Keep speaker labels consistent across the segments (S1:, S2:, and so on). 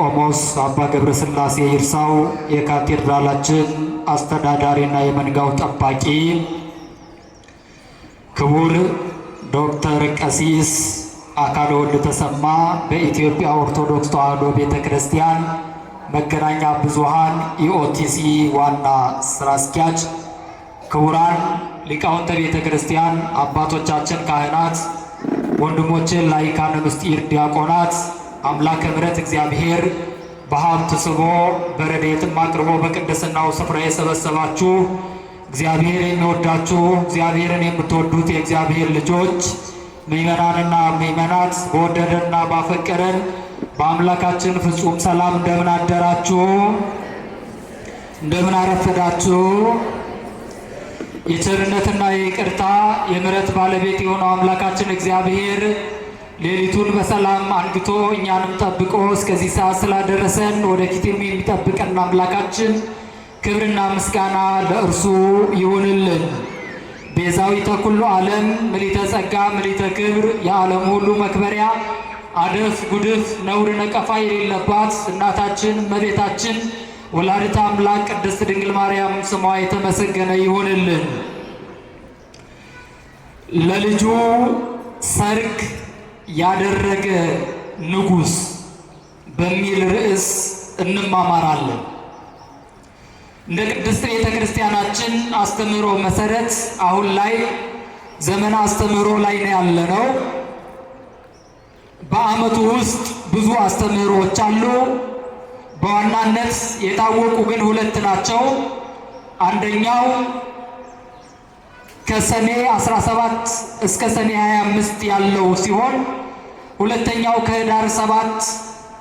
S1: ቆሞስ አባ ገብረስላሴ ይርሳው የካቴድራላችን አስተዳዳሪና የመንጋው ጠባቂ፣ ክቡር ዶክተር ቀሲስ አካለ ወልድ ተሰማ በኢትዮጵያ ኦርቶዶክስ ተዋሕዶ ቤተ ክርስቲያን መገናኛ ብዙሃን የኦቲሲ ዋና ስራ አስኪያጅ፣ ክቡራን ሊቃውንተ ቤተ ክርስቲያን አባቶቻችን ካህናት፣ ወንድሞችን ላይካነ ምስጢር ዲያቆናት አምላከ ምሕረት እግዚአብሔር በሀብት ስቦ በረድኤትም አቅርቦ በቅድስናው ስፍራ የሰበሰባችሁ እግዚአብሔር የሚወዳችሁ እግዚአብሔርን የምትወዱት የእግዚአብሔር ልጆች ምእመናንና ምእመናት በወደደንና ባፈቀረን በአምላካችን ፍጹም ሰላም እንደምን አደራችሁ? እንደምን አረፈዳችሁ? የቸርነትና የይቅርታ የምሕረት ባለቤት የሆነው አምላካችን እግዚአብሔር ሌሊቱን በሰላም አንግቶ እኛንም ጠብቆ እስከዚህ ሰዓት ስላደረሰን ወደፊትም የሚጠብቀን አምላካችን ክብርና ምስጋና ለእርሱ ይሁንልን። ቤዛዊተ ኩሉ ዓለም ምሊተ ጸጋ ምሊተ ክብር የዓለም ሁሉ መክበሪያ አደፍ ጉድፍ ነውር ነቀፋ የሌለባት እናታችን እመቤታችን ወላዲተ አምላክ ቅድስት ድንግል ማርያም ስሟ የተመሰገነ ይሁንልን። ለልጁ ሰርግ ያደረገ ንጉሥ በሚል ርዕስ እንማማራለን። እንደ ቅድስት ቤተ ክርስቲያናችን አስተምህሮ መሰረት አሁን ላይ ዘመን አስተምህሮ ላይ ነው ያለነው። በዓመቱ ውስጥ ብዙ አስተምህሮዎች አሉ። በዋናነት የታወቁ ግን ሁለት ናቸው። አንደኛው ከሰኔ 17 እስከ ሰኔ 25 ያለው ሲሆን ሁለተኛው ከህዳር 7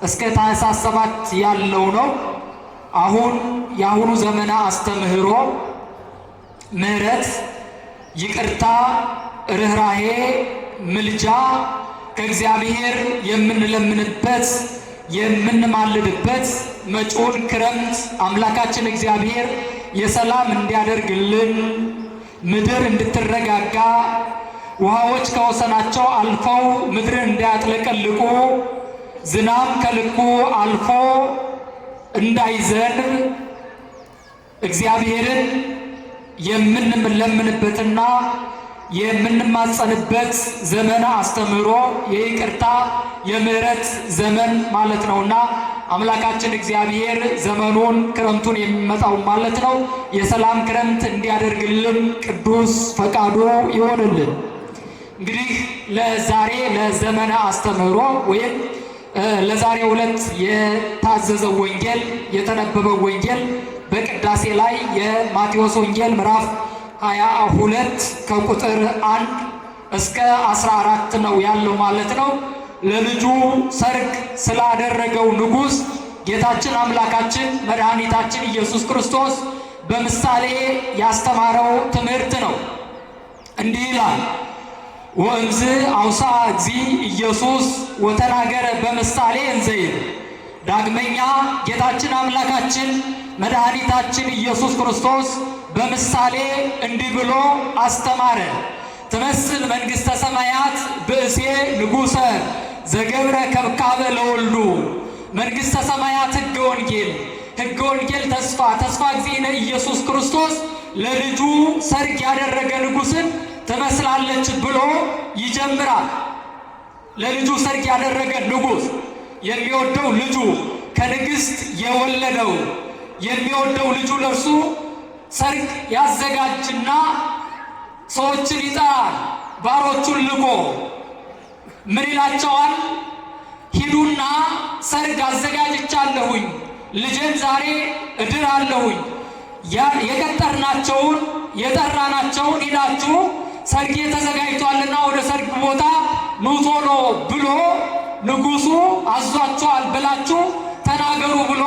S1: እስከ ታህሳስ 7 ያለው ነው። አሁን የአሁኑ ዘመነ አስተምህሮ ምሕረት፣ ይቅርታ፣ ርኅራሄ፣ ምልጃ ከእግዚአብሔር የምንለምንበት የምንማልድበት መጪውን ክረምት አምላካችን እግዚአብሔር የሰላም እንዲያደርግልን ምድር እንድትረጋጋ ውሃዎች ከወሰናቸው አልፈው ምድርን እንዳያጥለቀልቁ ዝናብ ከልኩ አልፎ እንዳይዘንብ እግዚአብሔርን የምንለምንበትና የምንማጸንበት ዘመነ አስተምህሮ የይቅርታ የምረት ዘመን ማለት ነውና አምላካችን እግዚአብሔር ዘመኑን ክረምቱን የሚመጣው ማለት ነው የሰላም ክረምት እንዲያደርግልን ቅዱስ ፈቃዱ ይሆንልን። እንግዲህ ለዛሬ ለዘመነ አስተምህሮ ወይም ለዛሬ ዕለት የታዘዘው ወንጌል የተነበበው ወንጌል በቅዳሴ ላይ የማቴዎስ ወንጌል ምዕራፍ ሀያ ሁለት ከቁጥር አንድ እስከ አስራ አራት ነው ያለው ማለት ነው። ለልጁ ሰርግ ስላደረገው ንጉሥ ጌታችን አምላካችን መድኃኒታችን ኢየሱስ ክርስቶስ በምሳሌ ያስተማረው ትምህርት ነው። እንዲህ ይላል ወእምዝ አውሳ እግዚ ኢየሱስ ወተናገረ በምሳሌ እንዘይል። ዳግመኛ ጌታችን አምላካችን መድኃኒታችን ኢየሱስ ክርስቶስ በምሳሌ እንዲህ ብሎ አስተማረ። ትመስል መንግሥተ ሰማያት ብእሴ ንጉሠ ዘገብረ ከብካበ ለወሉ መንግሥተ ሰማያት ሕገ ወንጌል ሕገ ወንጌል ተስፋ ተስፋ ጊዜነ ኢየሱስ ክርስቶስ ለልጁ ሰርግ ያደረገ ንጉሥን ትመስላለች ብሎ ይጀምራል። ለልጁ ሰርግ ያደረገ ንጉሥ የሚወደው ልጁ ከንግሥት የወለደው የሚወደው ልጁ ለእርሱ ሰርግ ያዘጋጅና ሰዎችን ይጠራል። ባሮቹን ልኮ ምን ይላቸዋል? ሂዱና ሰርግ አዘጋጅቻለሁኝ፣ ልጄን ዛሬ እድር አለሁኝ። የቀጠርናቸውን የጠራናቸውን ይላችሁ ሰርጌ ተዘጋጅቷልና ወደ ሰርግ ቦታ ኑ ቶሎ ብሎ ንጉሱ አዟቸዋል ብላችሁ ተናገሩ ብሎ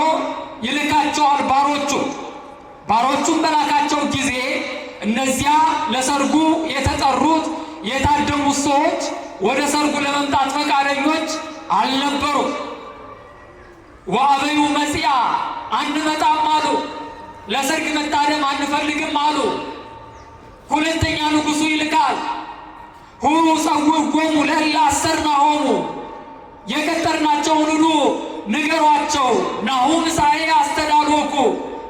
S1: ይልካቸዋል ባሮቹ ባሮቹን በላካቸው ጊዜ እነዚያ ለሰርጉ የተጠሩት የታደሙት ሰዎች ወደ ሰርጉ ለመምጣት ፈቃደኞች አልነበሩ። ወአበዩ መጽያ አንመጣም አሉ። ለሰርግ መታደም አንፈልግም አሉ። ሁለተኛ ንጉሡ ይልካል። ሁሩ ጸውዕጎሙ ጎሙ አሰር ናሆሙ የቀጠርናቸውን ሁሉ ንገሯቸው፣ ናሁ ምሳሌ አስተዳጎኩ፣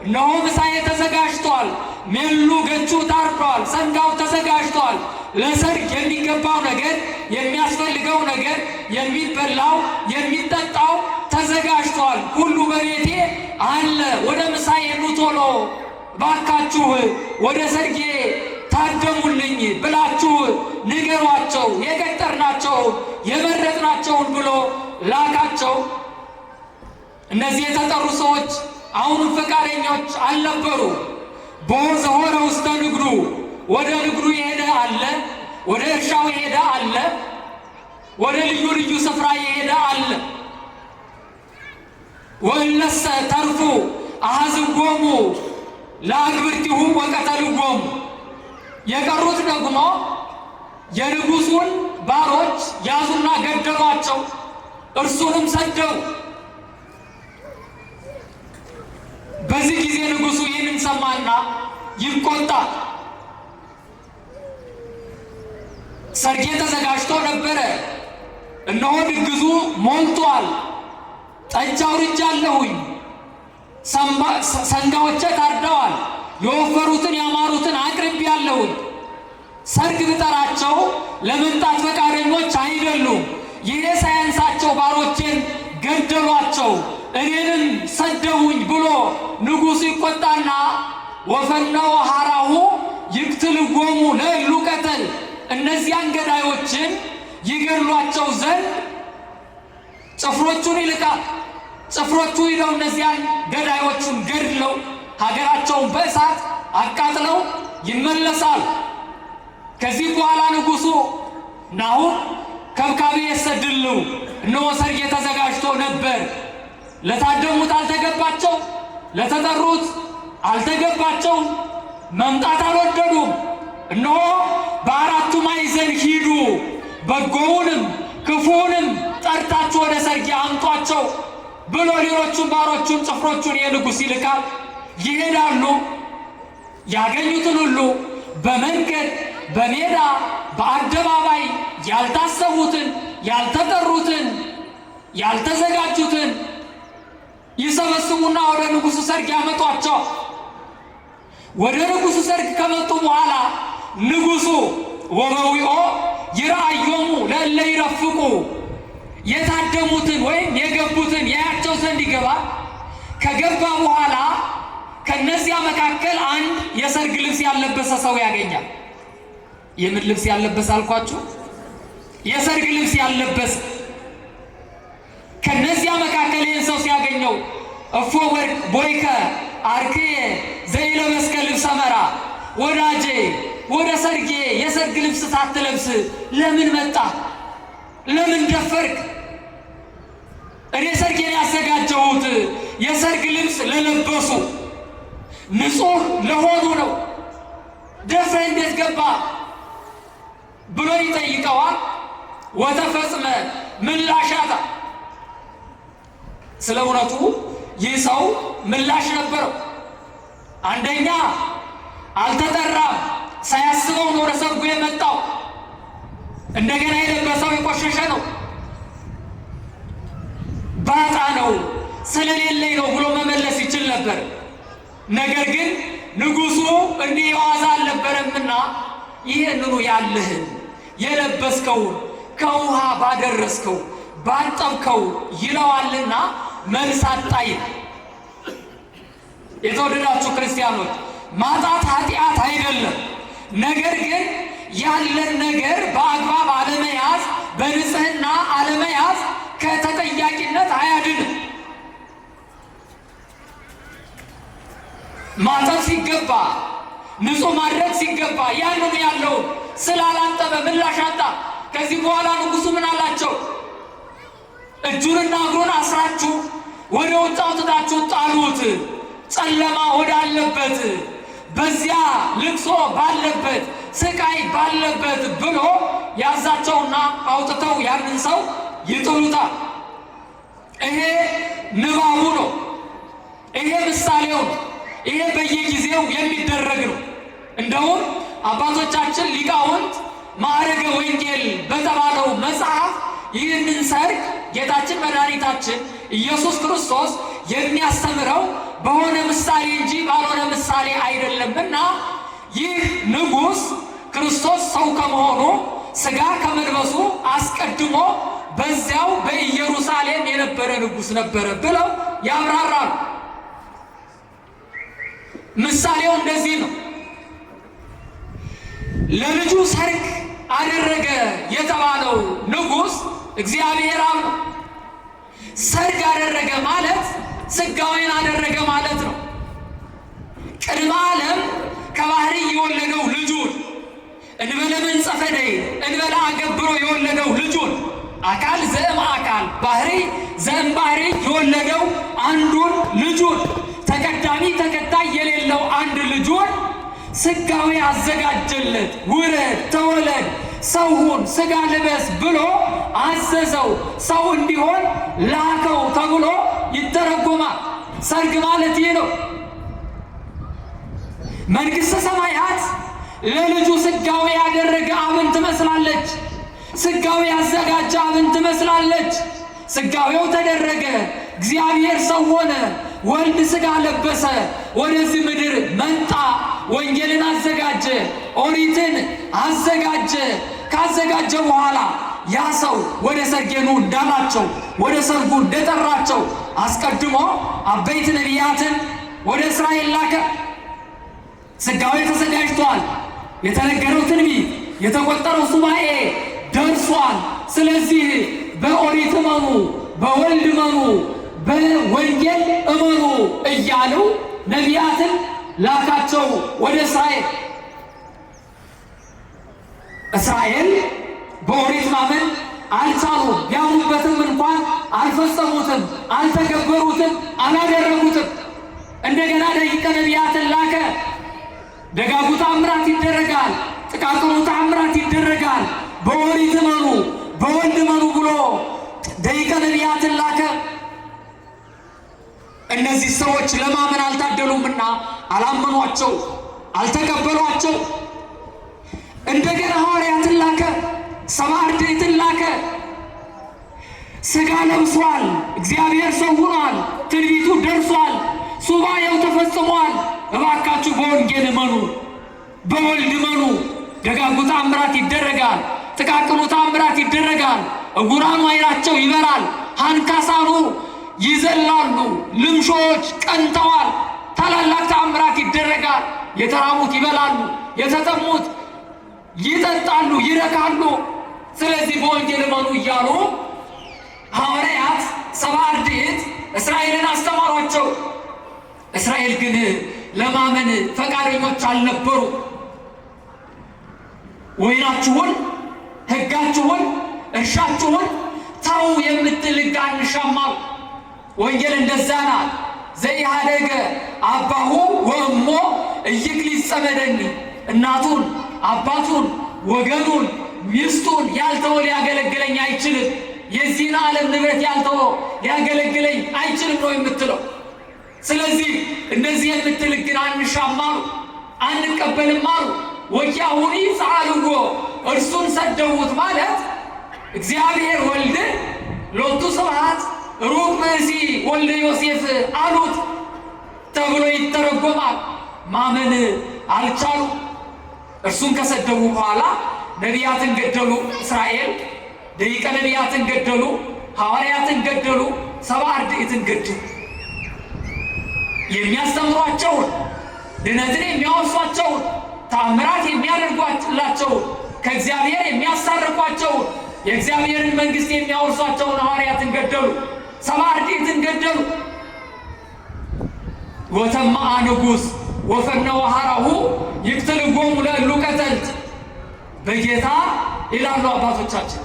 S1: እነሆ ምሳሌ ተዘጋጅቷል፣ ሜሉ ገቹ ታርዷል፣ ሰንጋው ተዘጋጅቷል። ለሰርግ የሚገባው ነገር፣ የሚያስፈልገው ነገር፣ የሚበላው የሚጠጣው ተዘጋጅቷል፣ ሁሉ በቤቴ አለ። ወደ ምሳሌ ኑ ቶሎ ባካችሁ፣ ወደ ሰርጌ ታደሙልኝ ብላችሁ ንገሯቸው የቀጠርናቸውን የመረጥናቸውን ብሎ ላካቸው። እነዚህ የተጠሩ ሰዎች አሁንም ፈቃደኞች አልነበሩ። ዘሆነ ውስተ ንግዱ ወደ ንግዱ የሄደ አለ፣ ወደ እርሻው የሄደ አለ፣ ወደ ልዩ ልዩ ስፍራ የሄደ አለ። ወእለሰ ተርፉ አኀዝጎሙ ለአግብርቲሁ ወቀተልጎሙ የቀሩት ደግሞ የንጉሱን ባሮች ያዙና ገደሏቸው፣ እርሱንም ሰደው በዚህ ጊዜ ንጉሱ ይህንን ሰማና ይቆጣል። ሰርጌ ተዘጋጅቶ ነበረ። እነሆ ድግሱ ሞልቷል። ጠጅ አውርጃለሁኝ፣ ሰንጋዎቼ ታርደዋል፣ የወፈሩትን ያማሩትን አቅርቤያለሁኝ። ሰርግ ብጠራቸው ለመምጣት ፈቃደኞች አይደሉም። ይሄ ሳያንሳቸው ባሮቼን ገደሏቸው። እኔንም ሰደቡኝ ብሎ ንጉሡ ይቆጣና ወፈነወ ሐራሁ ይቅትልዎሙ ለእሉ ቀተል እነዚያን ገዳዮችን ይገድሏቸው ዘንድ ጭፍሮቹን ይልቃል ጭፍሮቹ ሂደው እነዚያን ገዳዮቹን ገድለው ሀገራቸውን በእሳት አቃጥለው ይመለሳል። ከዚህ በኋላ ንጉሡ ናሁን ከብካቤ የሰድልው እነሆ ሰርግ ተዘጋጅቶ ነበር። ለታደሙት አልተገባቸው፣ ለተጠሩት አልተገባቸው፣ መምጣት አልወደዱም። እነሆ በአራቱ ማዕዘን ሂዱ፣ በጎውንም ክፉውንም ጠርታችሁ ወደ ሰርጌ አምጧቸው ብሎ ሌሎቹን ባሮቹን ጭፍሮቹን የንጉሥ ይልካል። ይሄዳሉ። ያገኙትን ሁሉ በመንገድ በሜዳ በአደባባይ ያልታሰቡትን፣ ያልተጠሩትን፣ ያልተዘጋጁትን ይሰበስቡና ወደ ንጉሱ ሰርግ ያመጧቸው። ወደ ንጉሱ ሰርግ ከመጡ በኋላ ንጉሱ ወበዊኦ ይርአዮሙ ለእለ ይረፍቁ የታደሙትን ወይም የገቡትን ያያቸው ዘንድ ይገባ። ከገባ በኋላ ከነዚያ መካከል አንድ የሰርግ ልብስ ያለበሰ ሰው ያገኛል። የምን ልብስ ያለበሰ አልኳችሁ? የሰርግ ልብስ ያለበሰ ከነዚያ መካከል ይህን ሰው ሲያገኘው እፎ ቦይከ አርክዬ ዘይለ መስቀል ልብሰ መራ፣ ወዳጄ ወደ ሰርጌ የሰርግ ልብስ ሳትለብስ ለምን መጣ? ለምን ደፈርክ? እኔ ሰርጌን ያዘጋጀሁት የሰርግ ልብስ ለለበሱ ንጹሕ ለሆኑ ነው። ደፍረ እንዴት ገባ ብሎ ይጠይቀዋል። ወተፈጽመ ምላሻታ ስለ እውነቱ ይህ ሰው ምላሽ ነበረው። አንደኛ አልተጠራም፣ ሳያስበው ነው ወደ ሰርጉ የመጣው። እንደገና የለበሰው የቆሸሸ ነው፣ ባጣ ነው፣ ስለሌለኝ ነው ብሎ መመለስ ይችል ነበር። ነገር ግን ንጉሱ እንዲህ የዋዛ አልነበረምና ይህንኑ ያለህን የለበስከውን ከውሃ ባደረስከው ባጠብከው ይለዋልና መልስ አጣይ የተወደዳችሁ ክርስቲያኖች ማጣት ኃጢአት አይደለም። ነገር ግን ያለን ነገር በአግባብ አለመያዝ፣ በንጽህና አለመያዝ ከተጠያቂነት አያድንም። ማጠብ ሲገባ ንጹህ ማድረግ ሲገባ ያንኑ ያለውን ስላላጠበ ምላሽ አጣ። ከዚህ በኋላ ንጉሱ ምን አላቸው? እጁንና እግሩን አስራችሁ ወደ ውጭ አውጥታችሁ ጣሉት። ጨለማ ወዳለበት በዚያ ልቅሶ ባለበት ስቃይ ባለበት ብሎ ያዛቸውና አውጥተው ያንን ሰው ይጥሉታል። ይሄ ንባቡ ነው። ይሄ ምሳሌው ነው። ይሄ በየጊዜው የሚደረግ ነው። እንደውም አባቶቻችን ሊቃውንት ማዕረገ ወንጌል በተባለው መጽሐፍ ይህንን ሰርግ ጌታችን መድኃኒታችን ኢየሱስ ክርስቶስ የሚያስተምረው በሆነ ምሳሌ እንጂ ባልሆነ ምሳሌ አይደለምና ይህ ንጉሥ ክርስቶስ ሰው ከመሆኑ ሥጋ ከመልበሱ አስቀድሞ በዚያው በኢየሩሳሌም የነበረ ንጉሥ ነበረ ብለው ያብራራሉ። ምሳሌው እንደዚህ ነው። ለልጁ ሰርግ አደረገ የተባለው ንጉሥ እግዚአብሔር አብ ሰርግ አደረገ ማለት ስጋዌን አደረገ ማለት ነው። ቅድመ ዓለም ከባህሪ የወለደው ልጁን እንበለ መንጸፈ እንበለ አገብሮ የወለደው ልጁን አካል ዘእም አካል ባህሪ ዘእም ባህሪ የወለደው አንዱን ልጁን ተቀዳሚ ተከታይ የሌለው አንድ ልጁን ስጋዊ አዘጋጀለት። ውረድ ተወለድ ሰውን ስጋ ልበስ ብሎ አዘዘው። ሰው እንዲሆን ላከው ተብሎ ይተረጎማል። ሰርግ ማለት ይህ ነው። መንግሥተ ሰማያት ለልጁ ስጋዊ ያደረገ አብን ትመስላለች። ስጋዊ ያዘጋጀ አብን ትመስላለች። ስጋዊው ተደረገ፣ እግዚአብሔር ሰው ሆነ፣ ወልድ ስጋ ለበሰ፣ ወደዚህ ምድር መጣ፣ ወንጌልን አዘጋጀ። ኦሪትን አዘጋጀ። ካዘጋጀ በኋላ ያ ሰው ወደ ሰርጌኑ እንዳላቸው ወደ ሰርጉ እንደጠራቸው አስቀድሞ አበይት ነቢያትን ወደ እስራኤል ላከ። ስጋዊ ተዘጋጅቷል። የተነገረው ትንቢት፣ የተቆጠረው ሱባኤ ደርሷል። ስለዚህ በኦሪት እመኑ፣ በወልድ እመኑ፣ በወንጌል እመኑ እያሉ ነቢያትን ላካቸው ወደ እስራኤል እስራኤል በኦሪት ማመን አልቻሉም። ቢያምኑበትም እንኳን አልፈጸሙትም፣ አልተገበሩትም፣ አላደረጉትም። እንደገና ደቂቀ ነቢያትን ላከ። ደጋጉ ተአምራት ይደረጋል፣ ጥቃቅኑ ተአምራት ይደረጋል። በኦሪት መኑ በወልድ መኑ ብሎ ደቂቀ ነቢያትን ላከ። እነዚህ ሰዎች ለማመን አልታደሉምና አላመኗቸው፣ አልተቀበሏቸው። እንደገና ሐዋርያትን ላከ፣ ሰማርዴትን ላከ። ሥጋ ለብሷል። እግዚአብሔር ሰው ሆኗል። ትንቢቱ ደርሷል። ሱባኤው ተፈጽሟል። እባካችሁ በወንጌል እመኑ፣ በወልድ እመኑ። ደጋጉ ታምራት ይደረጋል። ጥቃቅኑ ታምራት ይደረጋል። እጉራኑ አይራቸው ይበራል። አንካሳኑ ይዘላሉ። ልምሾች ቀንተዋል። ታላላቅ ተአምራት ይደረጋል። የተራሙት ይበላሉ። የተጠሙት ይጠጣሉ፣ ይረካሉ። ስለዚህ በወንጌል መኑ እያሉ ሐዋርያት ሰባ አርድእት እስራኤልን አስተማሯቸው። እስራኤል ግን ለማመን ፈቃደኞች አልነበሩ። ወይናችሁን፣ ሕጋችሁን፣ እርሻችሁን ተው የምትል ሕግ አንሻማል። ወንጌል እንደዛ ናት። ዘኢሃደገ አባሁ ወእሞ ኢይክሊጸ እናቱን አባቱን፣ ወገኑን፣ ሚስቱን ያልተወ ሊያገለግለኝ አይችልም፣ የዚህን ዓለም ንብረት ያልተወ ሊያገለግለኝ አይችልም ነው የምትለው። ስለዚህ እነዚህ የምትል ግን አንሻም አሉ፣ አንቀበልም አሉ። ወኪያሁኒ ይፍዓልዎ እርሱን ሰደቡት ማለት እግዚአብሔር ወልድን ሎቱ ስብሐት ሩቅ ብእሲ ወልደ ዮሴፍ አሉት ተብሎ ይተረጎማል። ማመን አልቻሉም። እርሱን ከሰደቡ በኋላ ነቢያትን ገደሉ። እስራኤል ደቂቀ ነቢያትን ገደሉ። ሐዋርያትን ገደሉ። ሰባ አርድእትን ገደሉ። የሚያስተምሯቸውን ድነትን የሚያወርሷቸውን ታምራት የሚያደርጓላቸውን ከእግዚአብሔር የሚያሳርቋቸውን የእግዚአብሔርን መንግሥት የሚያወርሷቸውን ሐዋርያትን ገደሉ። ሰባ አርድእትን ገደሉ። ወተማአ ንጉሥ ወፈነ ወሐራሁ ይቅትልጎሙ ለእሉ ቀተልት በጌታ ይላሉ አባቶቻችን።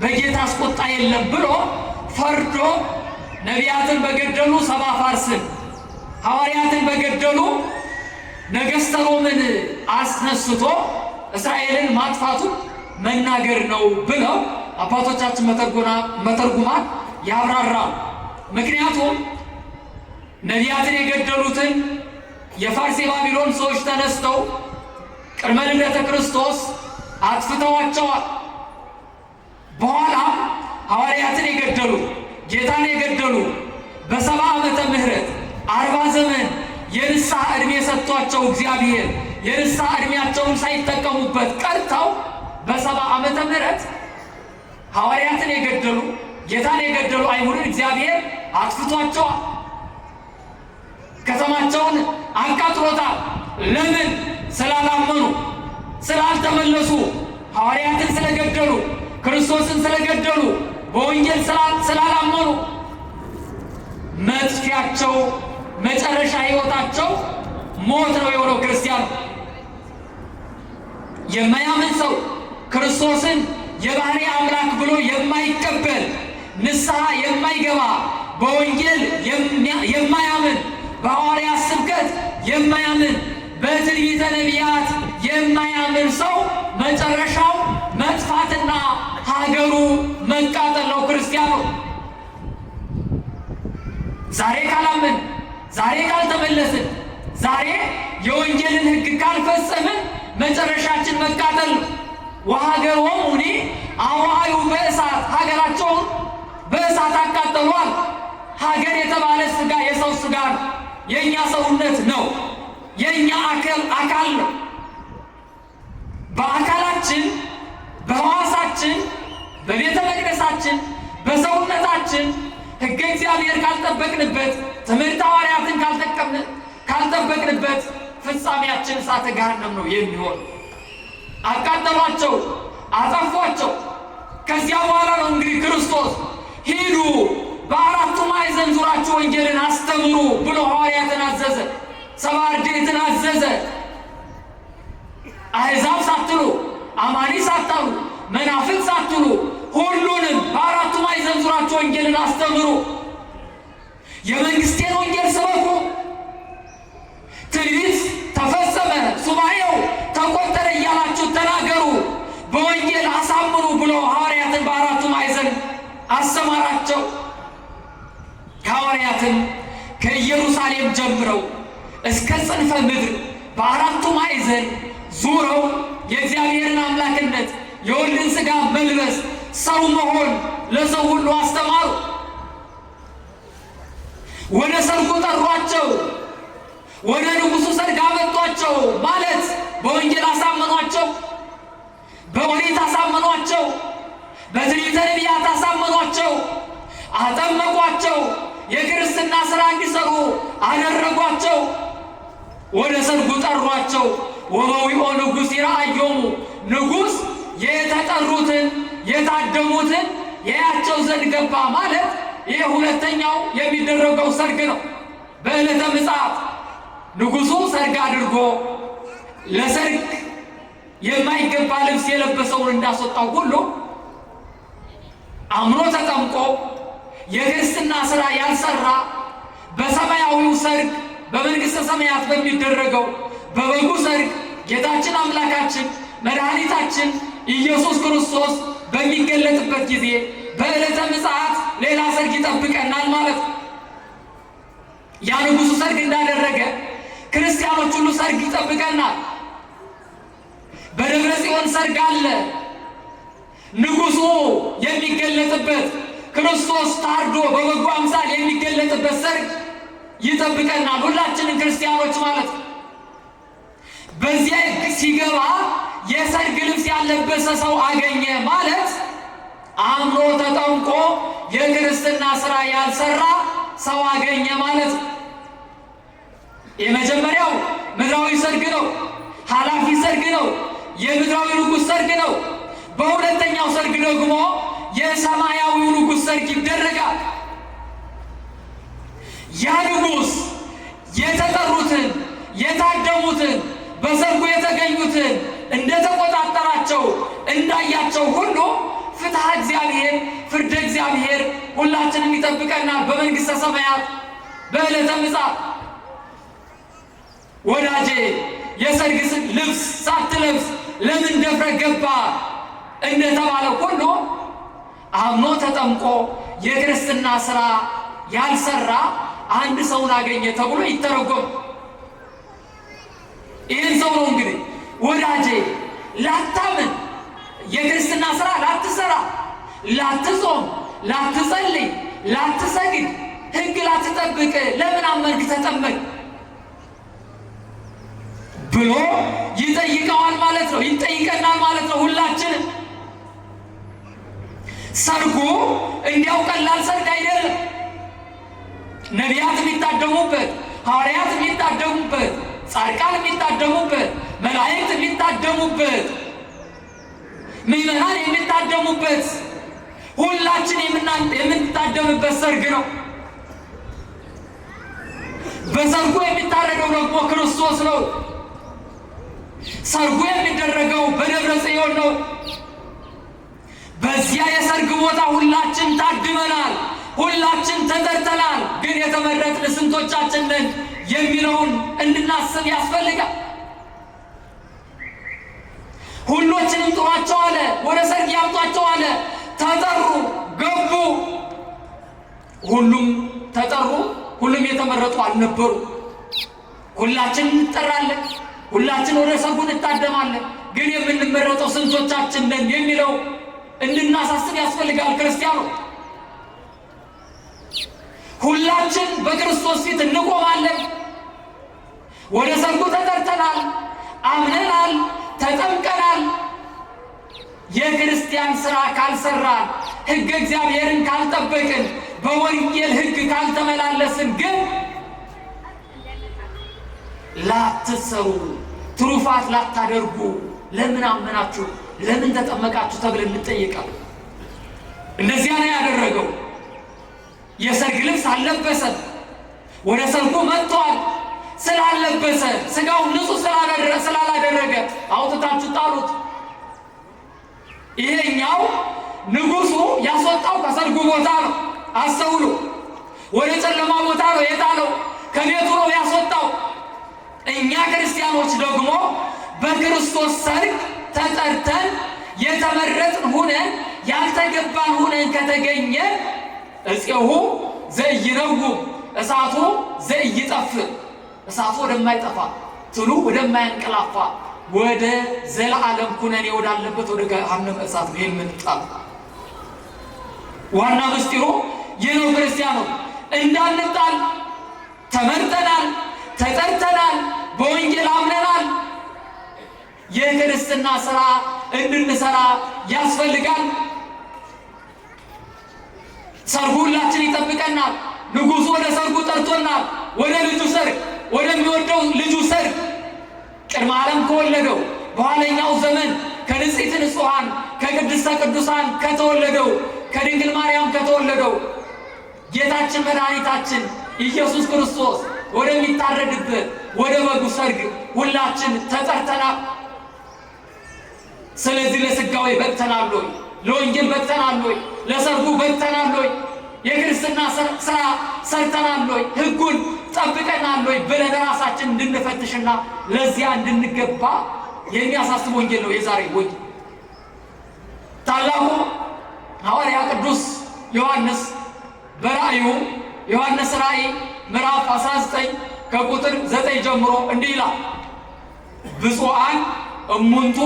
S1: በጌታ አስቆጣ የለም ብሎ ፈርዶ ነቢያትን በገደሉ ሰባ ፋርስን፣ ሐዋርያትን በገደሉ ነገሥተ ሮምን አስነስቶ እስራኤልን ማጥፋቱ መናገር ነው ብለው አባቶቻችን መተርጉማን ያብራራ። ምክንያቱም ነቢያትን የገደሉትን የፋርስ የባቢሎን ሰዎች ተነስተው ቅድመ ልደተ ክርስቶስ አጥፍተዋቸዋል። በኋላ ሐዋርያትን የገደሉ ጌታን የገደሉ በሰባ ዓመተ ምህረት አርባ ዘመን የንስሐ ዕድሜ ሰጥቷቸው እግዚአብሔር የንስሐ ዕድሜያቸውን ሳይጠቀሙበት ቀርተው በሰባ ዓመተ ምህረት ሐዋርያትን የገደሉ ጌታን የገደሉ አይሁድን እግዚአብሔር አጥፍቷቸዋል። ከተማቸውን አቃጥሎታል። ለምን? ስላላመኑ፣ ስላልተመለሱ፣ ሐዋርያትን ስለገደሉ፣ ክርስቶስን ስለገደሉ፣ በወንጌል ስላላመኑ መጥፊያቸው መጨረሻ ሕይወታቸው ሞት ነው የሆነው። ክርስቲያን የማያምን ሰው ክርስቶስን የባህሪ አምላክ ብሎ የማይቀበል ንስሐ የማይገባ በወንጌል የማያምን በሐዋርያት ስብከት የማያምን በትንቢተ ነቢያት የማያምን ሰው መጨረሻው መጥፋትና ሀገሩ መቃጠል ነው። ክርስቲያኑ ዛሬ ካላምን፣ ዛሬ ካልተመለስን፣ ዛሬ የወንጌልን ሕግ ካልፈጸምን መጨረሻችን መቃጠል ወሀገሮም ሁኒ አዋዩ በእሳት ሀገራቸውን በእሳት አቃጠሏል። ሀገር የተባለ ስጋ የሰው ስጋ ነው። የእኛ ሰውነት ነው፣ የእኛ አካል ነው። በአካላችን፣ በሕዋሳችን፣ በቤተ መቅደሳችን፣ በሰውነታችን ሕገ እግዚአብሔር ካልጠበቅንበት፣ ትምህርት ሐዋርያትን ካልጠበቅንበት ፍጻሜያችን እሳተ ገሃነም ነው የሚሆን። አቃጠሏቸው፣ አጠፏቸው። ከዚያ በኋላ ነው እንግዲህ ክርስቶስ ሂዱ በአራቱ ማዕዘን ዙራችሁ ወንጌልን አስተምሩ ብሎ ሐዋርያትን አዘዘ። ሰባ አርድእትን አዘዘ። አሕዛብ ሳትሉ፣ አማኒ ሳታሉ፣ መናፍቅ ሳትሉ ሁሉንም በአራቱ ማዕዘን ዙራችሁ ወንጌልን አስተምሩ። የመንግሥቴን ወንጌል ስበኩ። ትንቢት ተፈጸመ፣ ሱባኤው ተቆጠረ እያላችሁ ተናገሩ፣ በወንጌል አሳምሩ ብሎ ሐዋርያትን በአራቱ ማዕዘን አሰማራቸው። ሐዋርያትን ከኢየሩሳሌም ጀምረው እስከ ጽንፈ ምድር በአራቱ ማዕዘን ዙረው የእግዚአብሔርን አምላክነት የወልድን ሥጋ መልበስ ሰው መሆን ለሰው ሁሉ አስተማሩ። ወደ ሰርጉ ጠሯቸው። ወደ ንጉሡ ሰርግ አመጧቸው። ማለት በወንጌል አሳመኗቸው፣ በወሬት አሳመኗቸው፣ በትንቢተ ነቢያት አሳመኗቸው፣ አጠመቋቸው። የክርስትና ስራ እንዲሰሩ አደረጓቸው። ወደ ሰርጉ ጠሯቸው። ወበዊኦ ንጉሥ ይርአዮሙ ንጉሥ የተጠሩትን የታደሙትን የያቸው ዘንድ ገባ ማለት ይህ ሁለተኛው የሚደረገው ሰርግ ነው። በዕለተ ምጽአት ንጉሡ ሰርግ አድርጎ ለሰርግ የማይገባ ልብስ የለበሰውን እንዳስወጣው ሁሉ አምኖ ተጠምቆ የክርስትና ሥራ ያልሰራ በሰማያዊው ሰርግ በመንግሥተ ሰማያት በሚደረገው በበጉ ሰርግ ጌታችን አምላካችን መድኃኒታችን ኢየሱስ ክርስቶስ በሚገለጥበት ጊዜ በዕለተ ምጽአት ሌላ ሰርግ ይጠብቀናል ማለት ነው። ያ ንጉሡ ሰርግ እንዳደረገ ክርስቲያኖች ሁሉ ሰርግ ይጠብቀናል። በደብረ ጽዮን ሰርግ አለ ንጉሡ የሚገለጥበት ክርስቶስ ታርዶ በበጎ አምሳል የሚገለጥበት ሰርግ ይጠብቀናል፣ ሁላችንን ክርስቲያኖች ማለት ነው። በዚያ ሲገባ የሰርግ ልብስ ያለበሰ ሰው አገኘ ማለት አምሮ ተጠምቆ የክርስትና ስራ ያልሰራ ሰው አገኘ ማለት ነው። የመጀመሪያው ምድራዊ ሰርግ ነው። ኃላፊ ሰርግ ነው። የምድራዊ ርኩስ ሰርግ ነው። በሁለተኛው ሰርግ ደግሞ የሰማያዊው ንጉሥ ሰርግ ይደረጋል። ያ ንጉሥ የተጠሩትን የታደሙትን በሰርጉ የተገኙትን እንደተቆጣጠራቸው እንዳያቸው ሁሉ ፍትሐ እግዚአብሔር ፍርድ እግዚአብሔር ሁላችንም ይጠብቀና በመንግሥተ ሰማያት በዕለተ ምጽአት። ወዳጄ የሰርግ ልብስ ሳትለብስ ለምን ደፍረ ገባ እንደተባለ ሁሉ አምኖ ተጠምቆ የክርስትና ስራ ያልሰራ አንድ ሰውን አገኘ ተብሎ ይተረጎም። ይህን ሰው ነው እንግዲህ ወዳጄ ላታምን፣ የክርስትና ስራ ላትሰራ፣ ላትጾም፣ ላትጸልይ፣ ላትሰግድ፣ ህግ ላትጠብቅ ለምን አመንክ ተጠመቅ ብሎ ይጠይቀዋል ማለት ነው። ይጠይቀናል ማለት ነው ሁላችንም ሰርጉ እንዲያው ቀላል ሰርግ አይደለም። ነቢያት የሚታደሙበት፣ ሐዋርያት የሚታደሙበት፣ ጻድቃን የሚታደሙበት፣ መላእክት የሚታደሙበት፣ ምዕመናን የሚታደሙበት፣ ሁላችን የምንታደምበት ሰርግ ነው። በሰርጉ የሚታረደው ደግሞ ክርስቶስ ነው። ሰርጉ የሚደረገው በደብረ ጽዮን ነው። እዚያ የሰርግ ቦታ ሁላችን ታድመናል፣ ሁላችን ተጠርተናል። ግን የተመረጥን ስንቶቻችን ነን የሚለውን እንድናስብ ያስፈልጋል። ሁሎችንም ጥሯቸው አለ፣ ወደ ሰርግ ያምጧቸው አለ። ተጠሩ፣ ገቡ። ሁሉም ተጠሩ፣ ሁሉም የተመረጡ አልነበሩ። ሁላችን እንጠራለን፣ ሁላችን ወደ ሰርጉ እንታደማለን። ግን የምንመረጠው ስንቶቻችን ነን የሚለው እንድናሳስብ ያስፈልጋል። ክርስቲያኑ ሁላችን በክርስቶስ ፊት እንቆማለን። ወደ ሰርጉ ተጠርተናል፣ አምነናል፣ ተጠምቀናል። የክርስቲያን ሥራ ካልሰራን፣ ሕገ እግዚአብሔርን ካልጠበቅን፣ በወንጌል ሕግ ካልተመላለስን ግን ላትሰሩ ትሩፋት ላታደርጉ ለምን አመናችሁ? ለምን ተጠመቃችሁ ተብለን እንጠየቃል። እንደዚያ ነው ያደረገው። የሰርግ ልብስ አለበሰ፣ ወደ ሰርጉ መጥቷል ስላለበሰ ስጋው ንጹህ ስላላደረገ አውጥታችሁ ጣሉት። ይሄኛው ንጉሱ ያስወጣው ከሰርጉ ቦታ ነው። አስተውሉ። ወደ ጨለማ ቦታ ነው የጣለው፣ ከቤቱ ነው ያስወጣው። እኛ ክርስቲያኖች ደግሞ በክርስቶስ ሰርግ ተጠርተን የተመረጥን ሁነን ያልተገባን ሁነን ከተገኘ እጽሁ ዘይነውም እሳቱ ዘይጠፍ እሳቱ ወደማይጠፋ ትሉ ወደማያንቀላፋ ወደ ዘለዓለም ኩነኔ ወዳለበት ወደ ገሃነም እሳት ነው የምንጣል። ዋና ምስጢሩ ይህ ነው። ክርስቲያኑ እንዳንጣል ተመርጠናል፣ ተጠርተናል፣ በወንጌል አምነናል። የክርስትና ስራ እንድንሰራ ያስፈልጋል። ሰርጉ ሁላችን ይጠብቀናል። ንጉሱ ወደ ሰርጉ ጠርቶናል። ወደ ልጁ ሰርግ፣ ወደሚወደው ልጁ ሰርግ ቅድመ ዓለም ከወለደው በኋለኛው ዘመን ከንጽሕት ንጹሐን ከቅድስተ ቅዱሳን ከተወለደው ከድንግል ማርያም ከተወለደው ጌታችን መድኃኒታችን ኢየሱስ ክርስቶስ ወደሚታረድበት ወደ በጉ ሰርግ ሁላችን ተጠርተናል። ስለዚህ ለስጋዊ በቅተናል ወይ? ለወንጌል በቅተናል ወይ? ለሰርጉ በቅተናል ወይ? የክርስትና ስራ ሰርተናል ህጉን ጠብቀናል ወይ? ብለን ራሳችን እንድንፈትሽና ለዚያ እንድንገባ የሚያሳስብ ወንጌል ነው የዛሬ ወንጌል። ታላቁ ሐዋርያ ቅዱስ ዮሐንስ በራእዩ ዮሐንስ ራእይ ምዕራፍ 19 ከቁጥር 9 ጀምሮ እንዲህ ይላል፣ ብፁዓን እሙንቱ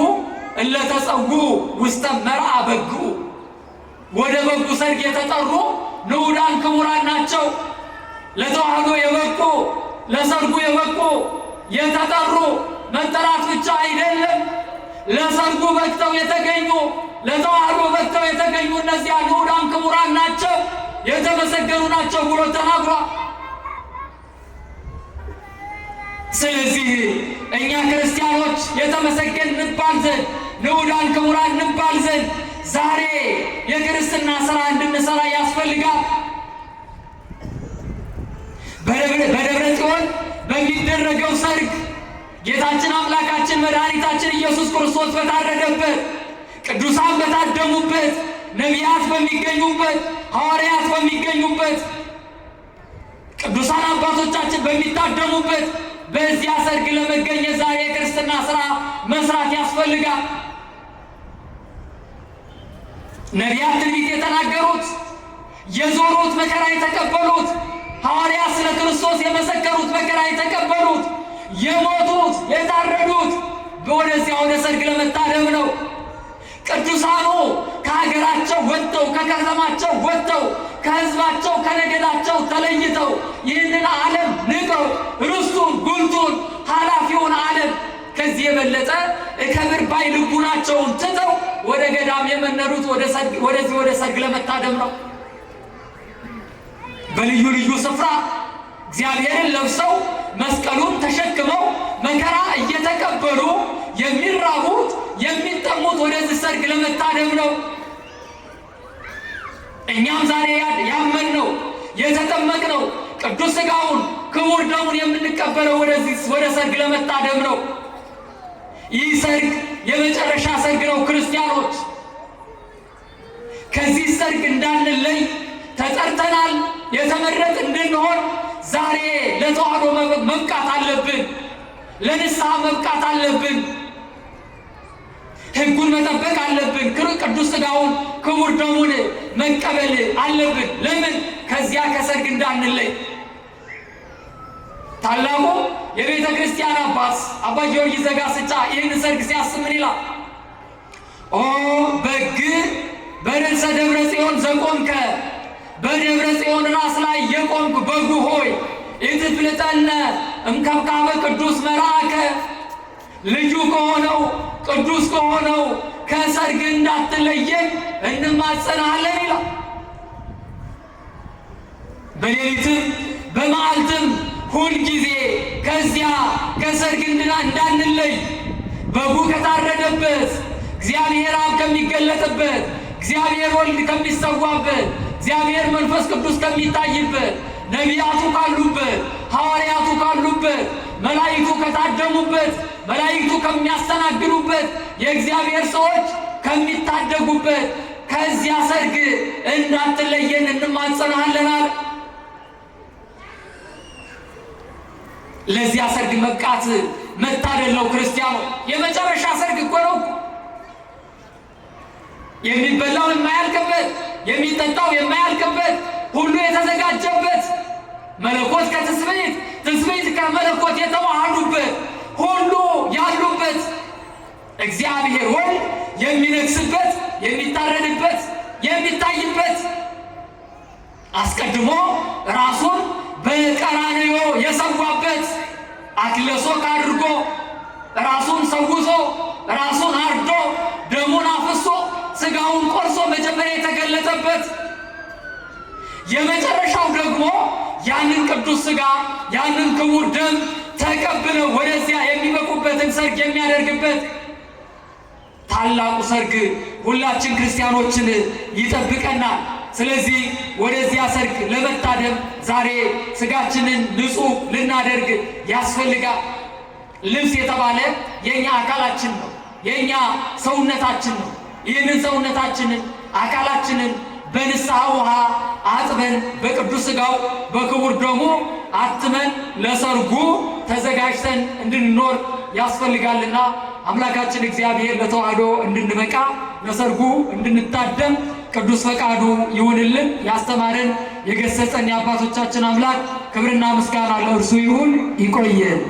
S1: እለተጸጉ ውስተ መርአ በጉ ወደ በጉ ሰርግ የተጠሩ ንዑዳን ክቡራን ናቸው። ለተዋህዶ የበቁ ለሰርጉ የበቁ የተጠሩ መጠራት ብቻ አይደለም። ለሰርጉ በቅተው የተገኙ ለተዋህዶ በቅተው የተገኙ እነዚያ ንዑዳን ክቡራን ናቸው፣ የተመሰገኑ ናቸው ብሎ ተናግሯል። ስለዚህ እኛ ክርስቲያኖች የተመሰገን ንባል ዘንድ ንዑዳን ክቡራን ንባል ዘንድ ዛሬ የክርስትና ስራ እንድንሰራ ያስፈልጋል። በደብረ ጽዮን በሚደረገው ሰርግ ጌታችን አምላካችን መድኃኒታችን ኢየሱስ ክርስቶስ በታረደበት፣ ቅዱሳን በታደሙበት፣ ነቢያት በሚገኙበት፣ ሐዋርያት በሚገኙበት፣ ቅዱሳን አባቶቻችን በሚታደሙበት በዚያ ሰርግ ለመገኘት ዛሬ የክርስትና ስራ መስራት ያስፈልጋል። ነቢያት ትንቢት የተናገሩት፣ የዞሩት፣ መከራ የተቀበሉት፣ ሐዋርያት ስለ ክርስቶስ የመሰከሩት፣ መከራ የተቀበሉት፣ የሞቱት፣ የታረዱት በወደዚያ ወደ ሰርግ ለመታደም ነው። ቅዱሳኑ ከሀገራቸው ወጥተው ከከተማቸው ወጥተው ከህዝባቸው ከነገዳቸው ተለይተው ይህንን አለ የበለጠ እከብር ባይ ልቡናቸውን ትተው ወደ ገዳም የመነዱት ወደዚህ ወደ ሰርግ ለመታደም ነው። በልዩ ልዩ ስፍራ እግዚአብሔርን ለብሰው መስቀሉን ተሸክመው መከራ እየተቀበሉ የሚራቡት የሚጠሙት ወደዚህ ሰርግ ለመታደም ነው። እኛም ዛሬ ያመን ነው የተጠመቅ ነው ቅዱስ ሥጋውን ክቡር ደሙን የምንቀበለው ወደዚህ ወደ ሰርግ ለመታደም ነው። ይህ ሰርግ የመጨረሻ ሰርግ ነው ክርስቲያኖች። ከዚህ ሰርግ እንዳንለይ ተጠርተናል፣ የተመረጥ እንድንሆን ዛሬ ለተዋህዶ መብቃት አለብን፣ ለንስሐ መብቃት አለብን፣ ሕጉን መጠበቅ አለብን፣ ቅዱስ ሥጋውን ክቡር ደሙን መቀበል አለብን። ለምን? ከዚያ ከሰርግ እንዳንለይ ታላቁ የቤተ ክርስቲያን አባት አባ ጊዮርጊስ ዘጋስጫ ይህን ሰርግ ሲያስብ ምን ይላል? ኦ በግ በርዕሰ ደብረ ጽዮን ዘቆምከ በደብረ ጽዮን ራስ ላይ የቆምኩ በጉ ሆይ ኢትፍልጠነ እምከብካበ ቅዱስ መልአከ ልጁ ከሆነው ቅዱስ ከሆነው ከሰርግ እንዳትለየን እንማጸናለን ይላል። በሌሊትም በመዓልትም ሁልጊዜ ከዚያ ከሰርግ እንዳንለይ በጉ ከታረደበት እግዚአብሔር አብ ከሚገለጥበት እግዚአብሔር ወልድ ከሚሰዋበት እግዚአብሔር መንፈስ ቅዱስ ከሚታይበት ነቢያቱ ካሉበት ሐዋርያቱ ካሉበት መላይቱ ከታደሙበት መላይቱ ከሚያስተናግዱበት የእግዚአብሔር ሰዎች ከሚታደጉበት ከዚያ ሰርግ እንዳትለየን እንማጸናሃለናል። ለዚያ ሰርግ መብቃት መታደል ነው። ክርስቲያኑ የመጨረሻ ሰርግ እኮ ነው። የሚበላው የማያልቅበት፣ የሚጠጣው የማያልቅበት፣ ሁሉ የተዘጋጀበት መለኮት ከትስብእት ትስብእት ከመለኮት የተዋሃዱበት ሁሉ ያሉበት እግዚአብሔር ወልድ የሚነግስበት፣ የሚታረድበት፣ የሚታይበት አስቀድሞ ራሱን በቀራንዮ የሰዋበት አክለሶክ አድርጎ ራሱን ሰውቶ ራሱን አርዶ ደሙን አፍሶ ስጋውን ቆርሶ መጀመሪያ የተገለጠበት የመጨረሻው ደግሞ ያንን ቅዱስ ስጋ ያንን ክቡር ደም ተቀብለው ወደዚያ የሚበቁበትን ሰርግ የሚያደርግበት ታላቁ ሰርግ ሁላችን ክርስቲያኖችን ይጠብቀናል። ስለዚህ ወደዚያ ሰርግ ለመታደም ዛሬ ስጋችንን ንጹሕ ልናደርግ ያስፈልጋል። ልብስ የተባለ የእኛ አካላችን ነው፣ የእኛ ሰውነታችን ነው። ይህንን ሰውነታችንን አካላችንን በንስሐ ውሃ አጥበን በቅዱስ ሥጋው በክቡር ደሙ አትመን ለሰርጉ ተዘጋጅተን እንድንኖር ያስፈልጋልና አምላካችን እግዚአብሔር ለተዋህዶ እንድንበቃ ለሰርጉ እንድንታደም ቅዱስ ፈቃዱ ይሁንልን። ያስተማረን የገሰጸን የአባቶቻችን አምላክ ክብርና ምስጋና ለእርሱ ይሁን። ይቆየን።